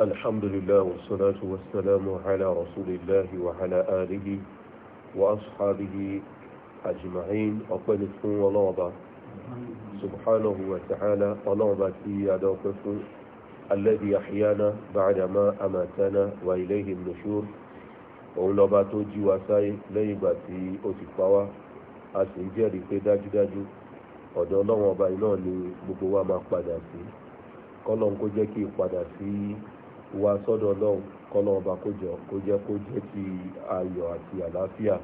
الحمد لله والصلاة والسلام على رسول الله وعلى آله وأصحابه أجمعين أقول لكم ولعبة سبحانه وتعالى ولعبة يدوقف الذي أحيانا بعدما أماتنا وإليه النشور òun lọba tó jí wa sáyé lẹ́yìn ìgbà tí ó ti pa wá a sì ń jẹ́rìí pé wa sọ́dọ̀ ọlọ́run kọ́lọ́ ọba kó jẹ́ kó jẹ́ ti ayọ̀ àti àlàáfíà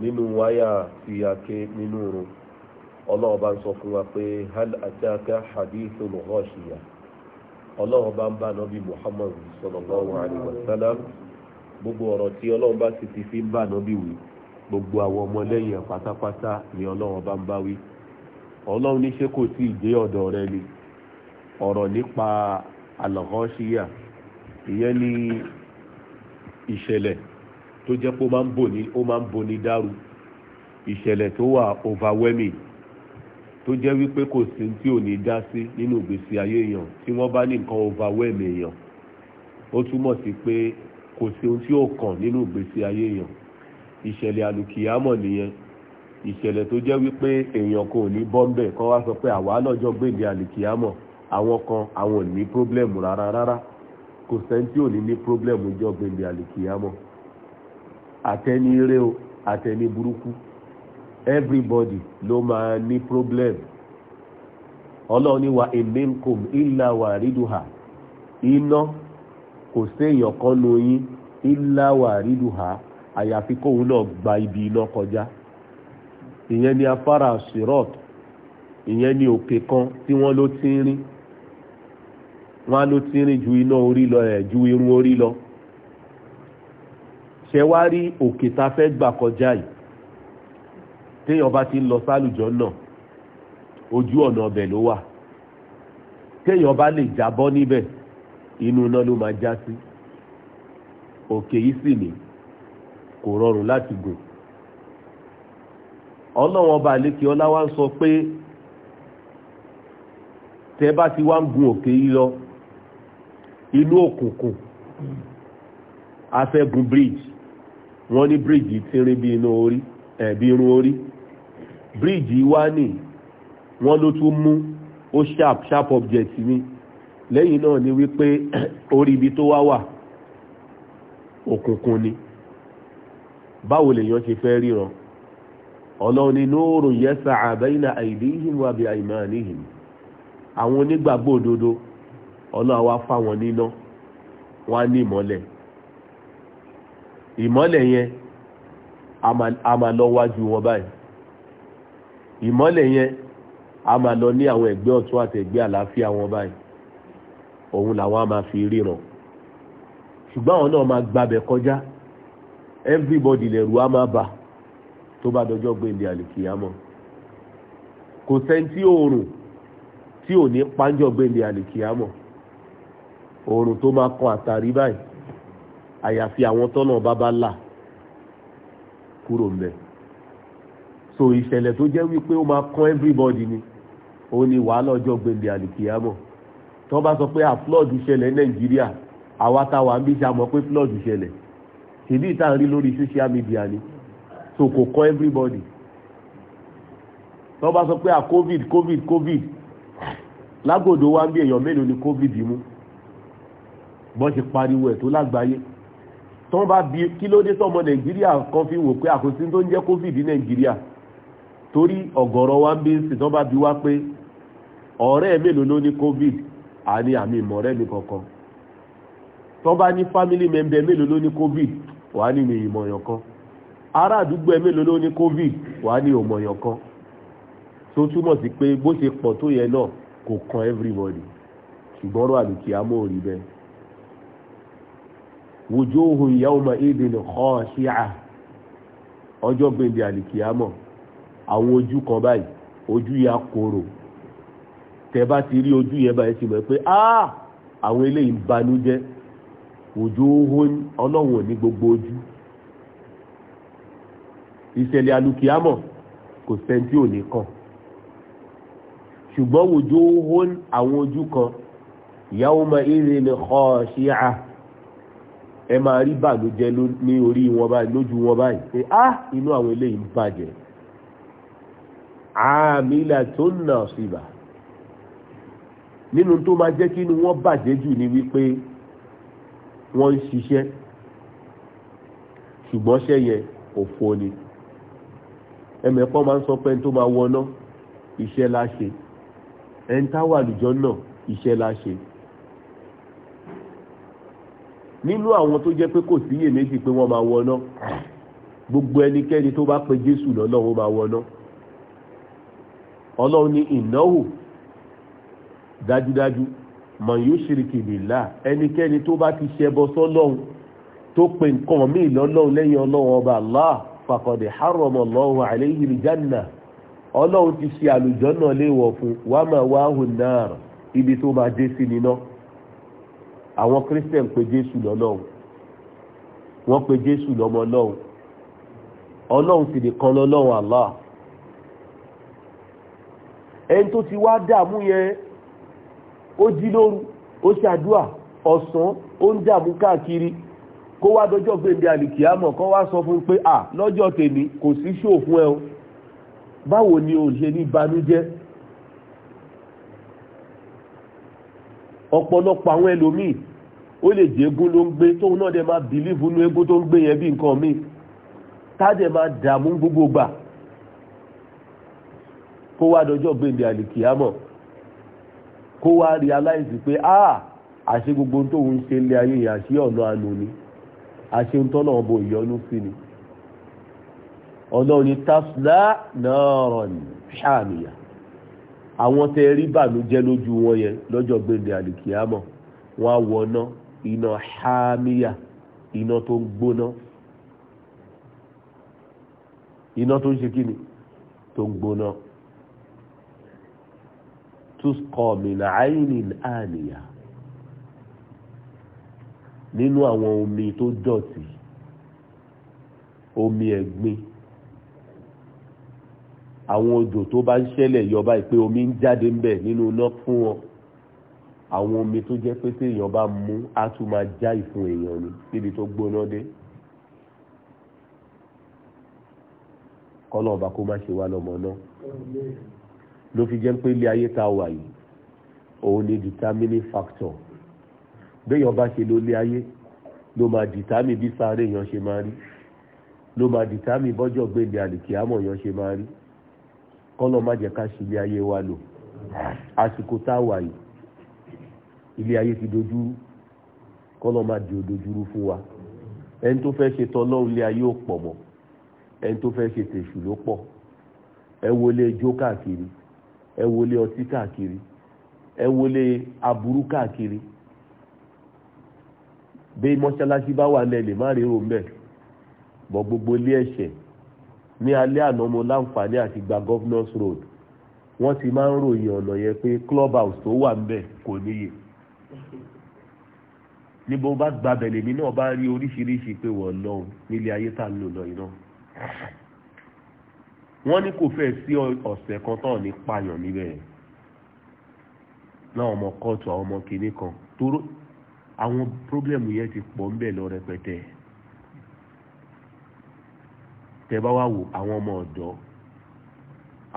nínú wáyà tí a ké nínú oorun ọlọ́run bá ń sọ fún wa pé hal ataka hadithul ghashiya ọlọ́run bá ń bá nọ́bí muhammad sallallahu alaihi wasallam gbogbo ọ̀rọ̀ tí ọlọ́run bá ti fi ń bá nọ́bí wí gbogbo àwọn ọmọlẹ́yìn pátápátá ni ọlọ́run bá ń bá wí ọlọ́run alọ̀hánṣíyà ìyẹn ni ìṣẹ̀lẹ̀ tó jẹ́ pé ó máa ń bò ní ó máa ń bò ní dàrú ìṣẹ̀lẹ̀ tó wà overwhelming tó jẹ́ wípé kò sí tí ò ní dá sí nínú ìgbésí ayé èèyàn tí wọ́n bá ní nǹkan overwhelm èèyàn ó túmọ̀ sí pé kò sí ohun tí ó kàn nínú ìgbésí ayé èèyàn ìṣẹ̀lẹ̀ àlùkìyámọ̀ nìyẹn ìṣẹ̀lẹ̀ tó jẹ́ wípé èèyàn kò ní bọ́m̀bẹ̀ kọ́ wá sọ pé àwa lọ́jọ́ gbèdé àlùkìyámọ̀ àwọn kan àwọn ò ní pírọ́blẹ́mù rárá rárá kò sẹ́ni tí ò ní ní pírọ́blẹ́mù jọ gbẹ̀ndẹ̀ àlìkìyàmọ́ àtẹni ire o àtẹni burúkú everybody ló máa ní problem ọlọ́run ní wa eminkum illa wariduha iná kò séèyàn kan nu yín illa wariduha àyàfi kóun náà gba ibi iná kọjá ìyẹn ni afárá sirot ìyẹn ni òkè kan tí wọ́n ló ti ń rìn wọn á ló tínrín ju iná orí lọ ẹ̀ ju irun orí lọ ṣe wá rí òkè tá a fẹ́ gbà kọjá yìí téèyàn bá ti ń lọ sálùjọ náà ojú ọ̀nà ọbẹ̀ ló wà téèyàn bá lè jábọ́ níbẹ̀ inú iná ló máa já sí òkè yìí sì ni kò rọrùn láti gùn ọlọ́wọ́n ọba àlékè ọlá wa ń sọ pé tẹ́ bá ti wá ń gun òkè yìí lọ ìlú òkùnkùn afẹ́gun bridge wọ́n ní bridge ti rin bí inú orí ẹ̀bí eh, irun orí bridge wá ni. wọ́n ló tún mú ó sharp sharp object ni lẹ́yìn náà ni wípé orí ibi tó wá wà òkùnkùn ni báwo lèèyàn ṣe fẹ́ ríran ọlọ́run ni nóòrùn yẹ́sà àbẹ́yìnà àìdíhìn wàbí àìmánìhìn àwọn onígbàgbọ́ òdodo ọlọ́run wá fáwọn níná wọ́n á ní ìmọ́lẹ̀ ìmọ́lẹ̀ yẹn a máa lọ wájú wọn báyìí ìmọ́lẹ̀ yẹn a máa lọ ní àwọn ẹgbẹ́ ọ̀tún àtẹ̀gbẹ́ àlàáfíà wọn báyìí òun làwọn a máa fi ríran ṣùgbọ́n àwọn náà máa gbabẹ̀ kọjá everybody lẹ̀rù á máa bà tó bá dọjọ́ gbé ilé àlìkìyàmọ́ kò sẹ́ni tí oòrùn tí ò ní pàǹjọ́ gbé ilé àlìkìyàmọ́ oòrùn tó máa kan àtàrí báyìí àyàfi àwọn tọ́nà bábá là kúrò ń bẹ̀ so ìṣẹ̀lẹ̀ tó jẹ́ wípé ó máa kan everybody ni ó ní wàhálà ọjọ́ gbèndé àlìkìyàmọ̀ tó bá sọ pé à flood ṣẹlẹ̀ nàìjíríà àwa táwa ń bí sàmọ́ pé flood ṣẹlẹ̀ ṣèlú ìta ń rí lórí social media ni so kò kan everybody tó bá sọ pé à covid covid covid lágòdò wa ń bí èèyàn mélòó ni covid mú bọ́n ṣe pariwo ẹ̀ tó lágbàáyé tó bá bí kí ló dé sọmọ nàìjíríà kan fi wò pé àkóso tó ń jẹ́ covid nàìjíríà torí ọ̀gọ̀rọ̀ wa ń bí sí tó bá bí wá pé ọ̀rẹ́ mélòó ló ní covid àní àmì ìmọ̀rẹ́ mi kankan tó bá ní family member mélòó ló ní covid wàá ní mi ìmọ̀yàn kan ará àdúgbò ẹ mélòó ló ní covid wàá ní òmọ̀yàn kan tó túmọ̀ sí pé bó ṣe pọ̀ tó yẹ náà kò kan everybody ṣùgbọ́n rọ àlùkìyà mọ́ òrí bẹ́ẹ̀ wujuhu yawma idin khashi'a ọjọ́ gbèndé àlìkìyàmọ̀ àwọn ojú kan báyìí ojú ya kòrò tẹ́ bá ti rí ojú yẹn báyìí ti mọ̀ pé áà ah, àwọn eléyìí ń banújẹ́ wujuhu ọlọ́wọ̀n ní gbogbo ojú ìṣẹ̀lẹ̀ àlìkìyàmọ̀ kò sẹ́ńtì òní kan ṣùgbọ́n wujuhu àwọn ojú kan yawma idin khashi'a ẹ máa rí bàlójẹ ní orí wọn báyìí lójú wọn báyìí pé á ah, inú àwọn eléyìí ń bàjẹ́ àmìlà tó nà síbà nínú tó máa jẹ́ kí inú wọn bàjẹ́ jù ni wípé wọ́n ń ṣiṣẹ́ ṣùgbọ́n ṣẹ́ yẹn òfo ni ẹmẹ̀kọ́ máa ń sọ pé tó máa wọná iṣẹ́ la ṣe ẹ̀ńtà wà náà iṣẹ́ la nínú àwọn tó jẹ́ pé kò sí iyèméjì pé wọ́n máa wọná gbogbo ẹnikẹ́ni tó bá pe jésù lọ́nà ó máa wọná ọlọ́run ní ìnáwó dájúdájú man yushiriki billah ẹnikẹ́ni tó bá ti ṣẹbọ sọ́lọ́run tó pe nǹkan míì lọ́lọ́run lẹ́yìn ọlọ́run ọba Allah faqad harrama Allahu alayhi al-janna ọlọ́run ti ṣe àlùjọ́ náà fún wàmà wàhùn náà ibi tó máa dé sí ni àwọn christian pè jésù lọ́lọ́run wọ́n pè jésù lọ́mọ ọlọ́run ọlọ́run sì nìkan lọ́lọ́run allah ẹni tó ti wá dààmú yẹn ó jí lóru ó ṣàdúà ọ̀sán ó ń dààmú káàkiri kó wá dọjọ́ gbèǹde àlìkìámọ̀ kó wá sọ fún pé à lọ́jọ́ tèmi kò sí ṣòfún ẹ o báwo ni o ṣe ní banújẹ́ ọ̀pọ̀lọpọ̀ àwọn ẹlòmíì ó lè jẹ́ egun ló ń gbé tóun náà dẹ̀ máa bìlíìfù nú egun tó ń gbé yẹn bí nǹkan míì tádẹ̀ máa dààmú gbogbo gbà kó wá dọjọ́ gbèndé àlìkìyámọ̀ kó wá realize pé ah àṣe gbogbo tóun ṣe lé ayé yẹn àṣe ọ̀nà àánú ni àṣe ń tọ́nà ọbọ̀ ìyọnu sí ni ọlọ́run ni tasla náà rọ̀ ní ṣáàmìyàn àwọn tẹ rí bànújẹ́ lójú wọn yẹn lọ́jọ́ gbẹ̀ndẹ̀ àlìkìyàmọ̀ wọn á wọná iná hámíyà iná tó ń gbóná iná tó ń ṣe kíni tó ń gbóná tusqa min aynin àníyà nínú àwọn omi tó dọ̀tí omi ẹ̀gbin. E àwọn odò tó bá ń ṣẹlẹ̀ yọba ìpè omi ń jáde ń bẹ̀ nínú iná fún wọn àwọn omi tó jẹ́ pé tí èèyàn bá mú á tún máa já ìfun èèyàn ni níbi tó gbóná dé kọ́nà ọba kó má ṣe wá lọ́mọ náà ló fi jẹ́ pé ilé ayé tá wà yìí òun ni determining factor béèyàn bá ṣe ló lé ayé ló máa dìtámì bí sáré èèyàn ṣe máa rí ló máa dìtámì bọ́jọ́ gbé ní àlìkíámọ̀ èèyàn ṣe máa rí kọ́lọ̀ má jẹ́ ká ṣe ilé ayé wa lò àsìkò tá a wà yìí ilé ayé ti dojú kọ́lọ̀ má di òdojúrú fún wa ẹni tó fẹ́ ṣe tọ́lọ́run ilé ayé ò pọ̀ mọ́ ẹni tó fẹ́ ṣe tèṣù ló pọ̀ ẹ wọlé ijó káàkiri ẹ wọlé ọtí káàkiri ẹ wọlé aburú káàkiri bí mọ́ṣáláṣí bá wà lẹ́lẹ̀ má rí rò ń bọ́ gbogbo ilé ẹ̀ṣẹ̀ ní alẹ́ àná mo láǹfààní àti gba governors road wọ́n ti máa ń ròyìn ọ̀nà yẹn pé club house tó wà ńbẹ̀ kò níye ní bó bá gbabẹ̀ lèmi náà bá rí oríṣiríṣi pé wọ́n lọ nílé ayé tá ń lò lọ iná wọ́n ní kò fẹ́ sí ọ̀sẹ̀ kan tán ní payàn níbẹ̀ náà ọmọ kóòtù àwọn ọmọ kìíní kan tó àwọn pírọ́blẹ̀mù yẹn ti pọ̀ ńbẹ̀ lọ rẹpẹtẹ tẹ bá wá wò àwọn ọmọ ọ̀dọ́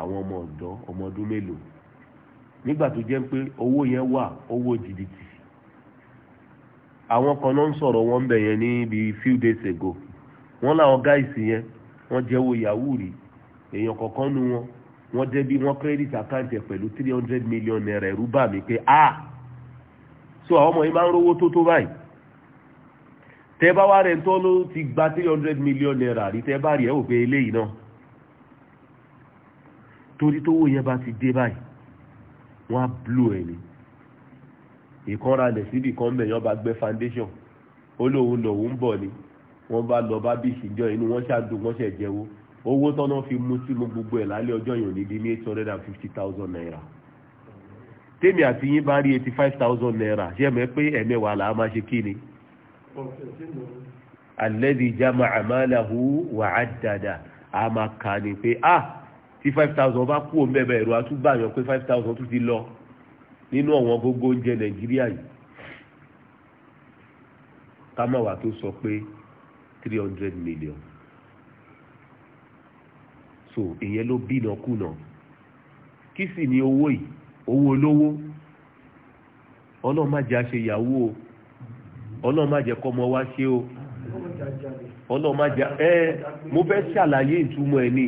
àwọn ọmọ ọ̀dọ́ ọmọ ọdún mélòó nígbà tó jẹ́ pé owó yẹn wà owó jìbìtì àwọn kan náà ń sọ̀rọ̀ wọn bẹ̀ yẹn ní bí few days ago wọ́n láwọn gáìsì yẹn wọ́n jẹ́wọ́ yahoo rí èèyàn kọ̀ọ̀kan nu wọn wọ́n débí wọ́n credit account ẹ̀ pẹ̀lú three hundred million naira ẹ̀rú bà mí pé ah so àwọn ọmọ yìí máa ń rówó tó tó báyìí tẹ bá wá rẹ̀ tó ló ti gba three hundred million naira rí tẹ bá rí ẹ ò pé eléyìí náà torí tó wó yẹn bá ti dé báyìí wọ́n á blu ẹ̀ ni ìkanra lẹ̀ síbi kan mẹ́yàn bá gbẹ́ foundation ó lóun lòun bọ̀ ni wọ́n bá lọ bá bí ìṣìjọ inú wọ́n ṣàdùn wọ́n ṣẹ̀ jẹ́wọ́ owó tọ́nà fi mú sínú gbogbo ẹ̀ lálẹ́ ọjọ́ yìí ní di ní hundred and fifty thousand naira tèmi àti yín bá rí eighty five thousand naira ṣé ẹ mọ̀ pé ẹ̀mẹ́wàá làá máa ṣe kí ni alẹ́dì jama àmàlàhù wà á dada a máa kà ní pé ah tí five thousand bá kú òun bẹ́ẹ̀ bẹ́ẹ̀ rọ àtúbàyàn pé five thousand tún ti lọ nínú ọ̀wọ́n gógó oúnjẹ nàìjíríà yìí kámáwá tó sọ pé three hundred million so ìyẹn ló bínà kùnà kí sì ni owó yìí owó olówó ọlọ́run má jẹ́ o ọlọ́run má jẹ́ kọ́ ọmọ wa ṣe o ọlọ́run má jẹ́ ẹ mo fẹ́ ṣàlàyé ìtumọ̀ ẹ̀ ni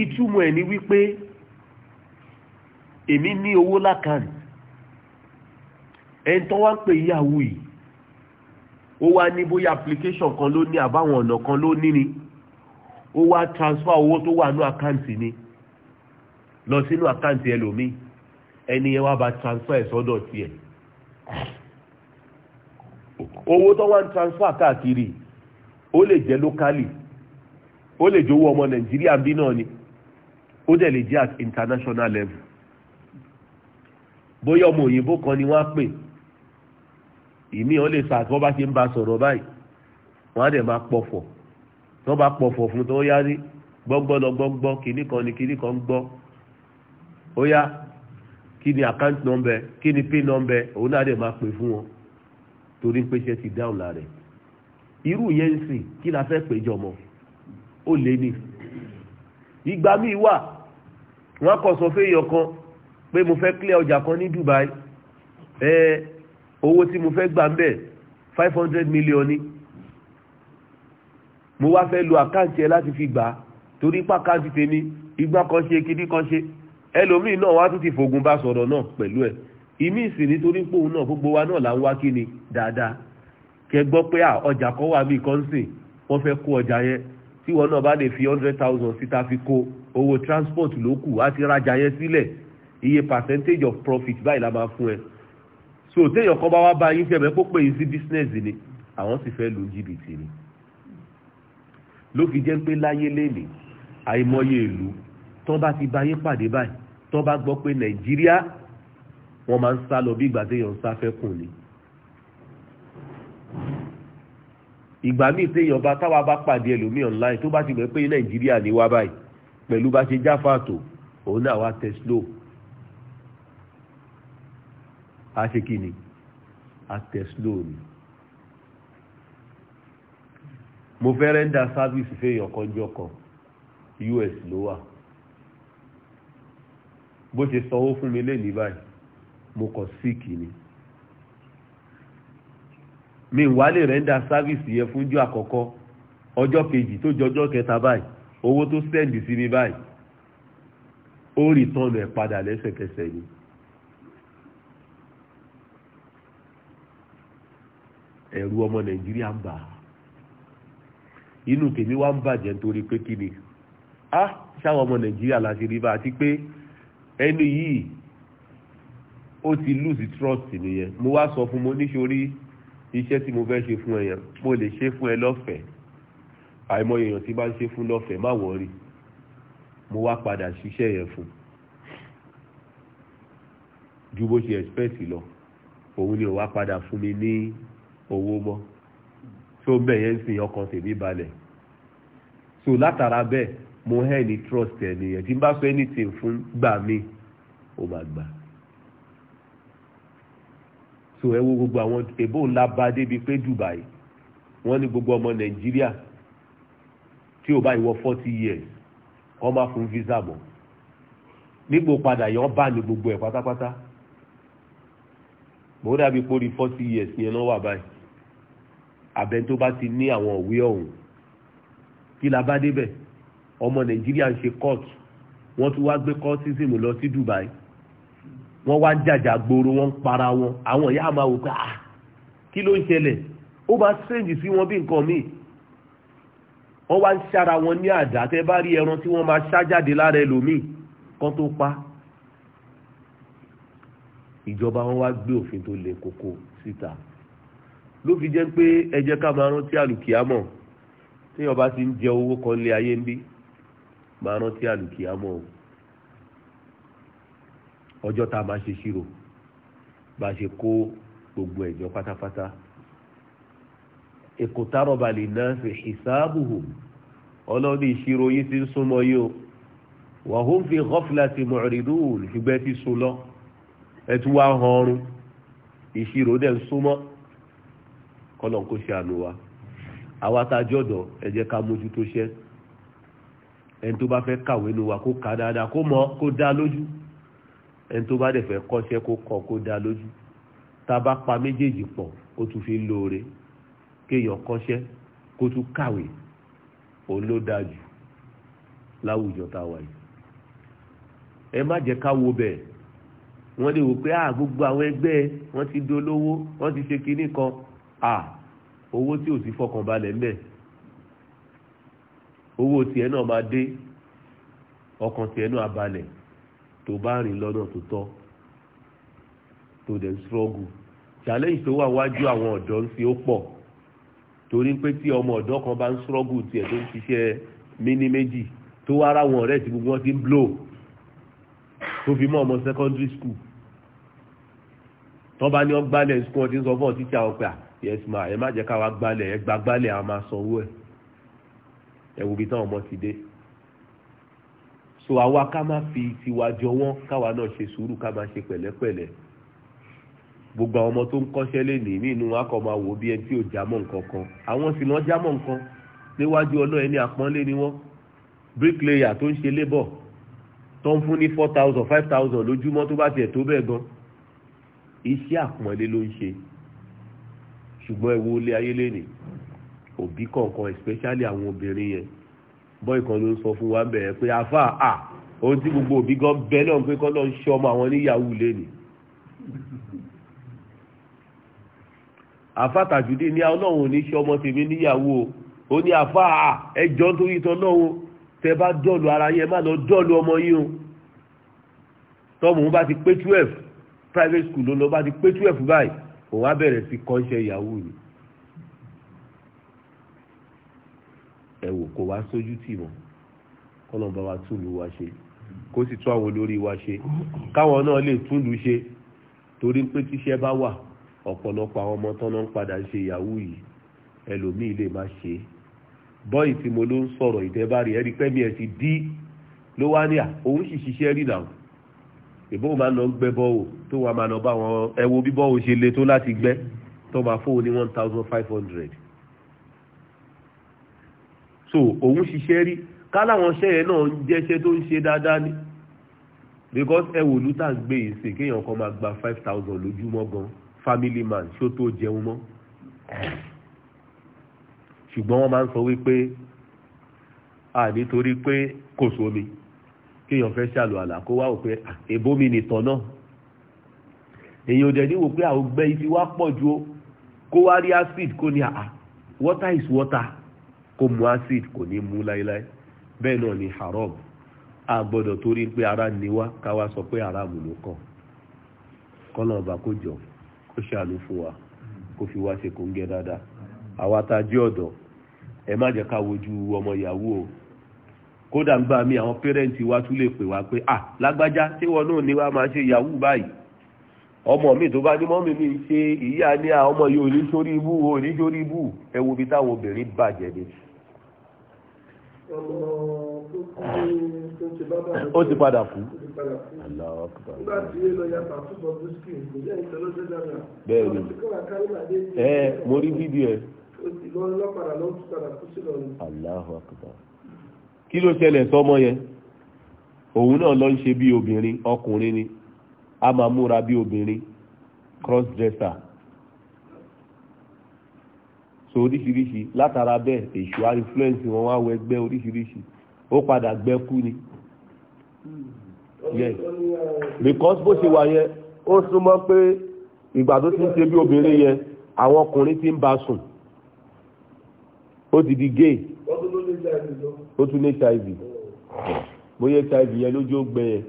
ìtumọ̀ ẹ̀ ni wípé èmi ní owó lákàn ẹni tó wá ń pè yahoo yìí ó wá ní bóyá application kan ló ní àbáwọn ọ̀nà kan ló ní ni ó wá transfer owó tó wà ní àkáǹtì ni lọ sínú àkáǹtì ẹlòmíì ẹni yẹn wá bá transfer ẹ̀ sọ́dọ̀ tiẹ̀ owó tó wá ń transfer káàkiri ó lè jẹ́ lókàlì ó lè jówó ọmọ nàìjíríà bí náà ni ó dẹ̀ lè jẹ́ at international level bóyá ọmọ òyìnbó kan ni wọ́n á pè ìmí ọ lè sà tí wọ́n bá ṣe ń ba sọ̀rọ̀ báyìí wọ́n á dẹ̀ máa pọ̀fọ̀ tí wọ́n bá pọ̀fọ̀ fún tó yá rí gbọ́ngbọ́nlọ́gbọ́ngbọ́ kìíní kan ni kìíní kan gbọ́ ó yá kí ni account number kí ni pin number òun náà dẹ̀ máa pè fún wọn torí pé iṣẹ́ ti dáhùn lára irú yẹn ń kí la fẹ́ péjọ mọ́ ó lé ní ìgbà míì wà wọ́n kọ sọ fẹ́yàn kan pé mo fẹ́ clear ọjà kan ní Dubai ẹ owó tí mo fẹ́ gbà ń bẹ̀ five hundred million ni mo wá fẹ́ lo àkáǹtì ẹ láti fi gbà á torí pàkáǹtì tèmi igbá kan ṣe kíní kan ṣe ẹlòmíì náà wá tún ti fògùn bá sọ̀rọ̀ náà pẹ̀lú ẹ̀ ìmí ìsìn nítorí pé òun náà gbogbo wa náà là ń wá kí ni dáadáa kẹ gbọ́ pé ọjà kan wà mí kan sìn wọ́n fẹ́ kó ọjà yẹn tí wọn náà bá lè fi hundred thousand síta fi kó owó transport ló kù á ti rajà yẹn sílẹ̀ iye percentage of profit báyìí la máa fún ẹ so téèyàn kan bá wá bá yín fẹ́ẹ́ kó pé yín sí business ni àwọn sì fẹ́ lu jìbìtì ni ló fi jẹ́ pé láyé lélẹ̀ àìmọye ìlú tán bá ti báyé pàdé báyìí tán bá gbọ́ pé nàìjíríà wọ́n máa ń sá lọ bí ìgbà téèyàn ń sá fẹ́ kùn ni. ìgbà míì téèyàn bá táwa bá pàdé ẹlòmíì online tó bá ti mọ̀ pé nàìjíríà ni wá báyìí pẹ̀lú bá ṣe jáfa tó òun náà wá tẹ̀ slow a ṣe kí ni a tẹ̀ slow ni. mo fẹ́ rẹ́ńdà sáfíìsì fẹ́yàn kanjọ́ kan us ló wà bó ṣe sanwó fún mi lé ní báyìí mo kàn síìkì ni mi wá lè rẹ́ńdà sáfíìsì yẹn fúnjọ́ àkọ́kọ́ ọjọ́ kejì tó jọjọ́ kẹta báyìí owó tó sẹ́ndì sí mi báyìí ó rí tọ́nu ẹ̀ padà lẹ́sẹ̀kẹsẹ̀ ni. ẹ̀rù ọmọ nàìjíríà ń bà á inú tèmi wá ń bàjẹ́ nítorí pé kí ni ah ṣáwọn ọmọ nàìjíríà la ṣe rí bá àti pé ẹni yìí ó ti lose trust nìyẹn mo wá sọ fún mo níṣorí iṣẹ́ tí mo fẹ́ ṣe fún ẹ̀yàn mo lè ṣe fún ẹ lọ́fẹ̀ẹ́ àìmọye èèyàn tí bá ń ṣe fún lọ́fẹ̀ẹ́ má wọ̀ọ́rì mo wá padà ṣiṣẹ́ yẹn fún ju bó ṣe expect lọ òun ni ó wá padà fún mi ní owó mọ́ tó bẹ́ẹ̀ yẹn ń sìn ọkàn tèmi balẹ̀ so látara bẹ́ẹ̀ mo hẹ́ ní trust ẹ̀ nìyẹn tí n bá fẹ́ anything fún gbà mí ó máa gbà so ẹ wo gbogbo àwọn èbó ńlá bá débi pé Dubai wọ́n ní gbogbo ọmọ Nàìjíríà tí ò bá ìwọ forty years wọ́n máa fún visa bọ̀ nígbò padà yẹn bá ní gbogbo ẹ̀ pátápátá mo dàbí pórí forty years yẹn náà wà báyìí abẹ tó bá ti ní àwọn òwe ọ̀hún kí la bá débẹ̀ ọmọ Nàìjíríà ń ṣe court wọ́n tún wá gbé courtism lọ sí Dubai wọ́n wá ń jàjà gbòòrò wọ́n ń para wọn àwọn ìyá máa wò pé ah kí ló ń ṣẹlẹ̀ ó bá strange sí wọn bí nǹkan míì wọ́n wá ń ṣára wọn ní àdá tẹ́ bá rí ẹran tí wọ́n máa ṣá jáde lára ẹlòmíì kan tó pa ìjọba wọn wá gbé òfin tó le koko síta ló fi jẹ́ pé ẹ jẹ́ ká máa rántí àlùkìyámọ̀ téèyàn bá ti ń jẹ owó kan lé ayé ń bí máa rántí àlùkìyámọ̀ o ọjọ́ tá a máa ṣe ṣírò bá a ṣe kó gbogbo ẹ̀jọ́ pátápátá iqtaraba linnasi hisabuhum ọlọ́ni ìṣirò yìí ti ń súnmọ́ yìí o wa hum fi ghaflatin mu'ridun ṣùgbẹ́ ti sùn lọ ẹtù wá hàn ọrùn ìṣirò dẹ̀ ń súnmọ́ kọ́lọ̀n kó ṣe àánú wa àwa tá jọ̀dọ̀ ẹ jẹ́ ká mójútó ṣẹ́ ẹni tó bá fẹ́ kàwé nu wa kó kà dáadáa kó mọ̀ kó dá lójú ẹni tó bá dẹ̀ fẹ́ kọ́ṣẹ́ kó kọ́ kó dá lójú tá a bá pa méjèèjì pọ̀ ó tún fi lóore kéèyàn kọ́ṣẹ́ kó tún kàwé òun ló dáa jù láwùjọ tá a wà yìí ẹ má jẹ́ ká wo bẹ́ẹ̀ wọ́n lè wò pé à gbogbo àwọn ẹgbẹ́ wọ́n ti dolówó wọ́n ti ṣe kinní kan à owó tí ò sí fọkànbalẹ̀ ń bẹ owó tiẹ̀ náà máa dé ọkàn tiẹ̀ náà balẹ̀ tó bá rìn lọ́nà tó tọ́ tó dẹ̀ ń struggle challenge tó wà wájú àwọn ọ̀dọ́ ń fi ó pọ̀ torí pé tí ọmọ ọ̀dọ́ kan bá ń struggle tiẹ̀ tó ń ṣiṣẹ́ mini méjì tó wá ara wọn ọ̀rẹ́ tí gbogbo wọn ti ń blow tó fi mọ́ ọmọ secondary school tọ́ba ní wọ́n gbálẹ̀ school ọtí ń sọ fún ọtí tí a ọ̀pẹ́ à yes ma ẹ má jẹ́ ká wa gbálẹ̀ ẹ gba gbálẹ̀ a máa sanwó ẹ̀ ẹ wo ibi táwọn ọmọ ti dé so àwa ká má fi tiwa jọ wọ́n káwa náà ṣe sùúrù ká má ṣe pẹ̀lẹ́pẹ̀lẹ́ gbogbo àwọn ọmọ tó ń kọ́ṣẹ́ lénìí nínú wọn kọ́ máa wò bí ẹni tí ò jámọ́ nǹkan kan àwọn sì náà jámọ́ nǹkan níwájú ọlọ́ọ̀ ẹni àpọ́nlé ni wọ́n bricklayer tó ń ṣe lébọ̀ tó ń fún ní four thousand five thousand lójúmọ́ tó bá tiẹ̀ tó bẹ́ẹ̀ gan iṣẹ́ àpọ́nlé ló ń ṣe ṣùgbọ́n ẹ wo ilé ayé lénìí òbí kọ̀ọ̀kan especially àwọn obìnrin yẹn bọ́ ìkan ló sọ fún wa bẹ̀rẹ̀ pé àfa à ohun tí gbogbo òbí gan bẹ náà pé kọ́ náà ń ṣe ọmọ àwọn níyàwó lé ni. àfa tàjùdí ní ọlọ́run ò ní ṣe ọmọ tèmi níyàwó ó ní àfa à ẹjọ́ torí tán náà tẹ bá dọ́ọ̀lù ara yẹn má lọ dọ́ọ̀lù ọmọ yín o tọ́mù bá ti pé twelve private school ló lọ bá ti pé twelve báyìí òun á bẹ̀rẹ̀ sí kọ́ ìyàwó ni ẹ̀wò kò wá sójú tì wọ́n kọ́lọ́n bá wa túlù wa ṣe kó sì tún àwọn olórí wa ṣe káwọn náà lè túlù ṣe torí pé tíṣẹ́ bá wà ọ̀pọ̀lọpọ̀ àwọn ọmọ tán náà ń padà ṣe ìyàwó yìí ẹlòmíì lè má ṣe é bọ́ọ̀ì tí mo ló ń sọ̀rọ̀ ìdẹ́bàrí ẹ̀rí pẹ́mi ẹ̀ ti dí ló wá ní à òun sì ṣiṣẹ́ rí nàá ìbọn máa ń lọ gbẹ́ bọ́ọ̀ tó wàá máa lọ bá wọn ẹ wo ṣe le tó láti gbẹ́ tó máa fóun ní one thousand five hundred so òun ṣiṣẹ́ rí káláwọn ṣẹ́ yẹn náà ń jẹ́ṣẹ́ tó ń ṣe dáadáa ni because ẹ wò lútà ń gbé yìí sí kéèyàn kan máa gba five thousand lójúmọ́ gan family man ṣó tó jẹun mọ́ ṣùgbọ́n wọ́n máa ń sọ wípé a nítorí pé kò sómi kéèyàn fẹ́ ṣàlù àlà kó wá òpin ìbomi nìtàn náà èyàn ò dẹ̀ ní wò pé àwọn gbẹ́ ibi wá pọ̀ ju kó wá rí acid kó ní àà water is water kó mu acid kò ní mu láíláí bẹ́ẹ̀ náà ni haram a gbọ́dọ̀ torí pé ara niwá káwá sọ pé haram ló kàn kọ́nà ọba kó jọ kó ṣàánú fún wa kó fi wá ṣe kó ń gẹ dáadáa àwa tá a jẹ́ ọ̀dọ́ ẹ má jẹ́ ká wojú ọmọ ìyàwó o kódà ń gbà mí àwọn pẹ́rẹ́ǹtì wa tún lè pè wá pé à lágbájá tí wọn náà ní wá máa ṣe yahoo báyìí ọmọ mi tó bá ní mọ́mí mi ṣe ìyá ní à ọmọ yìí ò ní sórí ibú ò ní sórí ibú ẹ wo bí táwọn obìnrin bàjẹ́ ni. ó ti padà kú. bẹ́ẹ̀ ni ẹ mo rí fídíò ẹ. Allahu akbar. kí ló ṣẹlẹ̀ sọ́mọ yẹn òun náà lọ ń ṣe bí obìnrin ọkùnrin ni a máa múra bí obìnrin cross dresser so oríṣiríṣi látara bẹ́ẹ̀ èṣù á influence wọn wá wọ ẹgbẹ́ oríṣiríṣi ó padà gbẹ́kú ni yes because bó ṣe wà yẹn ó súnmọ́ pé ìgbà tó ti ń ṣe bí obìnrin yẹn àwọn ọkùnrin ti ń bá sùn ó ti di gay ó tún ní hiv bóyá hiv yẹn lójú ó gbẹ yẹn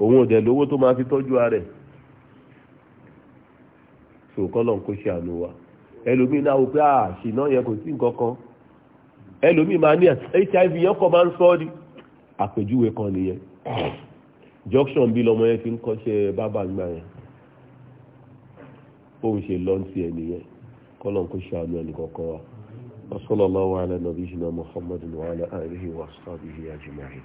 òun ò dẹ̀ lówó tó máa fi tọ́jú ara rẹ̀ so kọ́lọ̀ ń kó ṣe àánú wa ẹlòmíín náà wò pé àṣìná ah, yẹn kò sí nǹkan kan ẹlòmíín máa ní hiv yẹn kọ́ máa ń sọ ọ́ di àpèjúwe kan nìyẹn junction bí lọmọ yẹn fi ń kọ́ṣẹ́ bábà gbà yẹn bóun ṣe lọ́ǹtì ẹ̀ nìyẹn kọ́lọ̀ kó ṣe àánú ẹnì kọ̀ọ̀kan wa. وصلى الله على نبينا محمد وعلى آله وأصحابه أجمعين